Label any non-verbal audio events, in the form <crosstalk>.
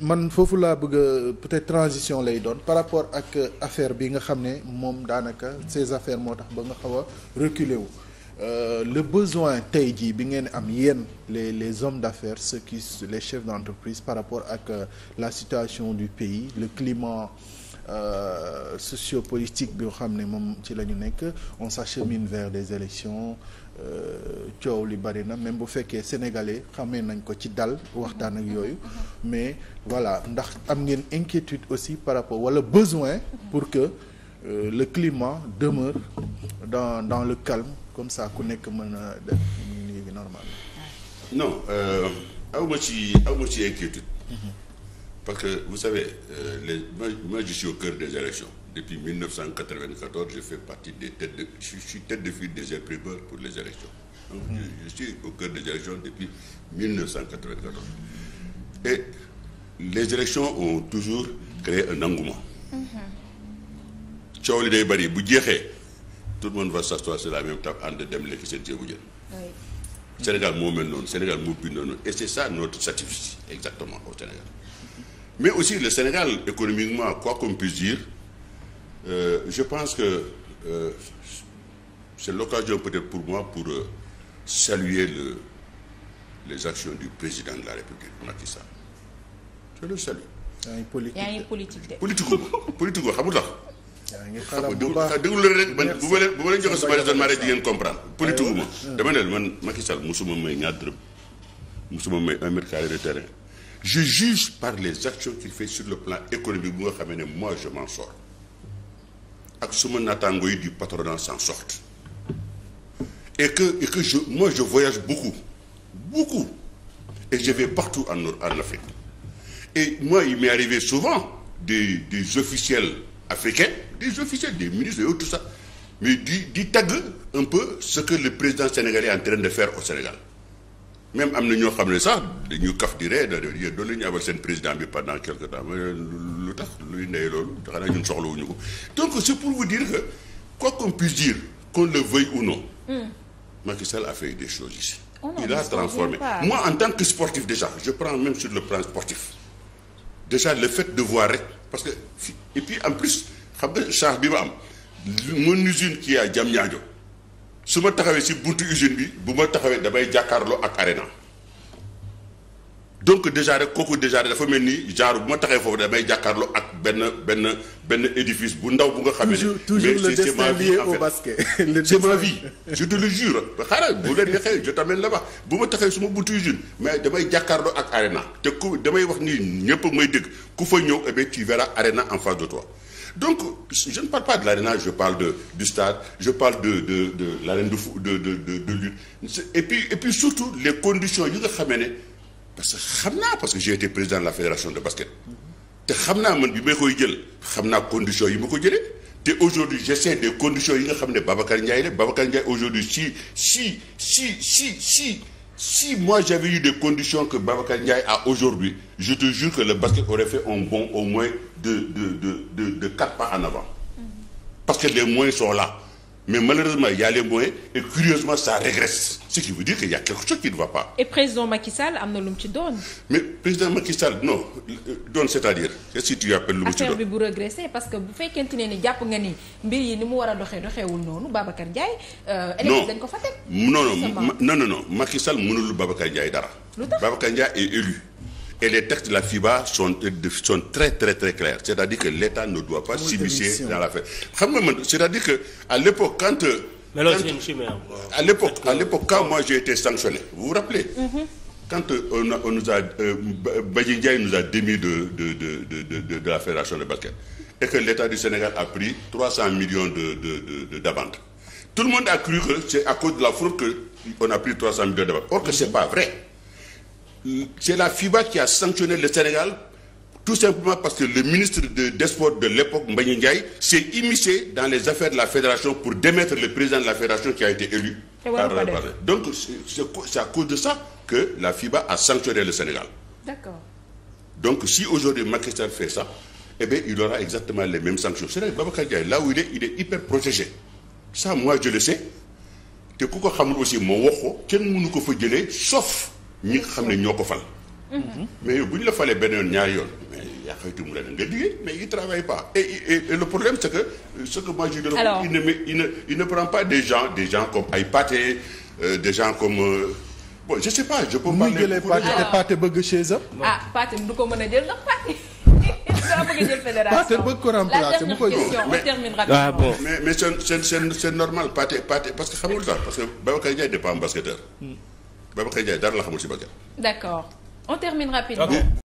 man foofu laa bëgg a être transition lay doon par rapport ak euh, affaire bi nga xam ne moom daanaka ces affaires moo tax ba nga xaw a reculer wu euh, le besoin tey jii bi ngeen am yéen les les hommes d'affaires ceux qui les chefs d'entreprise par rapport ak euh, la situation du pays le climat Euh, sociopolitique bi nga xam ne moom ci la ñu nekk on s'achemine vers des élections euh, coow li bari na même bu fekkee sénégalais xamee nañ ko ci dal waxtaan ak yooyu mais voilà ndax am ngeen inquiétude aussi par rapport wala besoin pour que euh, le climat demeure dans dans le calme comme ça ku nekk mën a def ñu normal. non euh, awma ci awma ci inquiétude. Mhm. parce que vous savez ma euh, ma moi je suis au cœur des élections depuis 1994 je fais partie des têtes de je suis tête de file des imprimeurs pour les élections donc mmh. je, je suis au cœur des élections depuis 1994 et les élections ont toujours créé un engouement coow li day bëri bu jeexee tout le monde va s'asseoir sur la même table ànd dem lekk seen ceebu jën Sénégal moo mel noonu Sénégal moo bind noonu et c'est ça notre satisfaction exactement mais aussi le Sénégal économiquement quoi qu'on puisse dire euh, je pense que euh, c'est l'occasion peut pour moi pour euh, saluer le les actions du président de la République Macky Sall je le politique politique de. politique gu politique gu tax. yaa ngi xalaat bu baax xam nga déglu bu ma leen bu ma leen joxe sama raisonnement rek di ngeen comprendre. politique gu man Macky musuma may ñaar dërëm musuma may un mètre carré de terrain. je juge par les actions qu'il fait sur le plan économique bu nga xamee ne moi je m'en sors ak suma naataango yi du patronat s'en sortent et que et que je voyage beaucoup beaucoup et je vais partout en Afrique et moi il m'est arrivé souvent des des officiels africains des officiels des ministres et autres tout ça mais di di tagg un peu ce que le président sénégalais est en train de faire au Sénégal même am na ñoo xam ne sax dañu kaf di ree da yéen doon la ñu seen président bi pendant quelque temps lu tax luy ndey loolu xanaa ñun soxlawuñu ko donc c'est pour vous dire que quoi qu'on puisse dire qu'on le veuille ou non hmm. Macky Sall a des choses ici oh non, il a moi en tant que sportif déjà je prends même sur le plan sportif déjà le fait de voir rek parce que et puis en plus xam nga charge bi ma am mon usine qui est à Diamniadio su ma taxawee si buntu usine bi bu ma taxawee damay jàkkaarloo ak arena donc déjà rek kooku déjà dafa mel ni genre bu ma taxee foofu damay jàkkaarloo ak benn benn benn édifice bu ndaw bu nga xam ne toujours le destin lié au basket c'est ma <laughs> vie je te le jure bu leen neexee je t'amène là-bas bu ma taxee su ma buntu usine mais damay jàkkaarloo ak arena te ku damay wax ni ñëpp may dégg ku fa ñëw eh bien tu verras arena en face de toi donc je ne parle pas de l'arena je parle de du stade je parle de de de l'arène de de de de de lutte et puis et puis surtout les conditions yi nga xamee ne parce que xam naa parce que j'ai été président de la fédération de basket te xam naa man bi may koy jël xam naa conditions yi ma ko jëlee te aujourd'hui j'essaie des conditions yi nga xam ne Babacar Ndiaye la Babacar Ndiaye aujourd'hui si si si si si Si moi j'avais eu des conditions que Babacar Ndiaye a aujourd'hui, je te jure que le basket aurait fait un bond au moins de de de de de quatre pas en avant. Parce que les moyens sont là. Mais malheureusement, il y a les moyens et curieusement, ça régresse. Ce qui veut dire qu'il y a quelque chose qui va pas. Et président Macky Sall am na lu mu ci doon. Mais président Macky non doon c'est-à-dire quest bi bu régressé parce que bu fekkente ne ni jàpp nga ni mbir yi ni mu war a doxee doxeewul noonu Babacar Ndiaye. Euh, non dañ ko fa teg. non non non non Macky Sall mënul Babacar Ndiaye dara. lu tax Babacar Ndiaye est élu. Et les textes de la FIBA sont sont très très très clairs c'est-à-dire que l'État ne doit pas s'immiscer dans l'affaire xam nga man c'est-à-dire que à l'époque quand mais j'ai été sanctionné vous rappelez mm-hmm. quand euh, on, nous a euh, nous a démis de de de de de de la fédération de basket et que l'État du Sénégal a pris millions de de tout le monde a cru que c'est à cause de la fraude que on a pris 300 millions d'amende or que c'est mm-hmm. pas vrai c'est la FIBA qui a sanctionné le Sénégal tout simplement parce que le ministre de des de l'époque Mbagnick Ndiaye s'est immiscé dans les affaires de la fédération pour démettre le président de la fédération qui a été élu par, par donc c'est à cause de ça que la FIBA a sanctionné le Sénégal d'accord donc si aujourd'hui Macky Sall fait ça eh bien il aura exactement les mêmes sanctions c'est-à-dire Babacar Ndiaye là où il est il est hyper ça moi je le te ku ko xamul aussi moo wax ko kenn ñi nga xam ne ñoo ko fal. mais bu ñu la falee benn yoon ñaari yoon mais yaa xaytu mu la nga liggéey mais il travaille pas et, et, et le problème c'est que ce que moi je dis il ne prend pas des gens comme ay pâté euh, des gens comme euh, bon je sais pas je peux. parler pour les pâté te pâté bëgg chez eux. ah pâté ko mën a jël ndax pâté. <laughs> Pathé bëgg ko remplacer mu koy ah bon mais mais c'est c'est c'est normal Pathé Pathé parce que xamul sax parce que Babacar Ndiaye dépend basketteur. Hmm. Babacar Ndiaye dara la xamul si Bakel. d'accord on termine rapidement. Okay.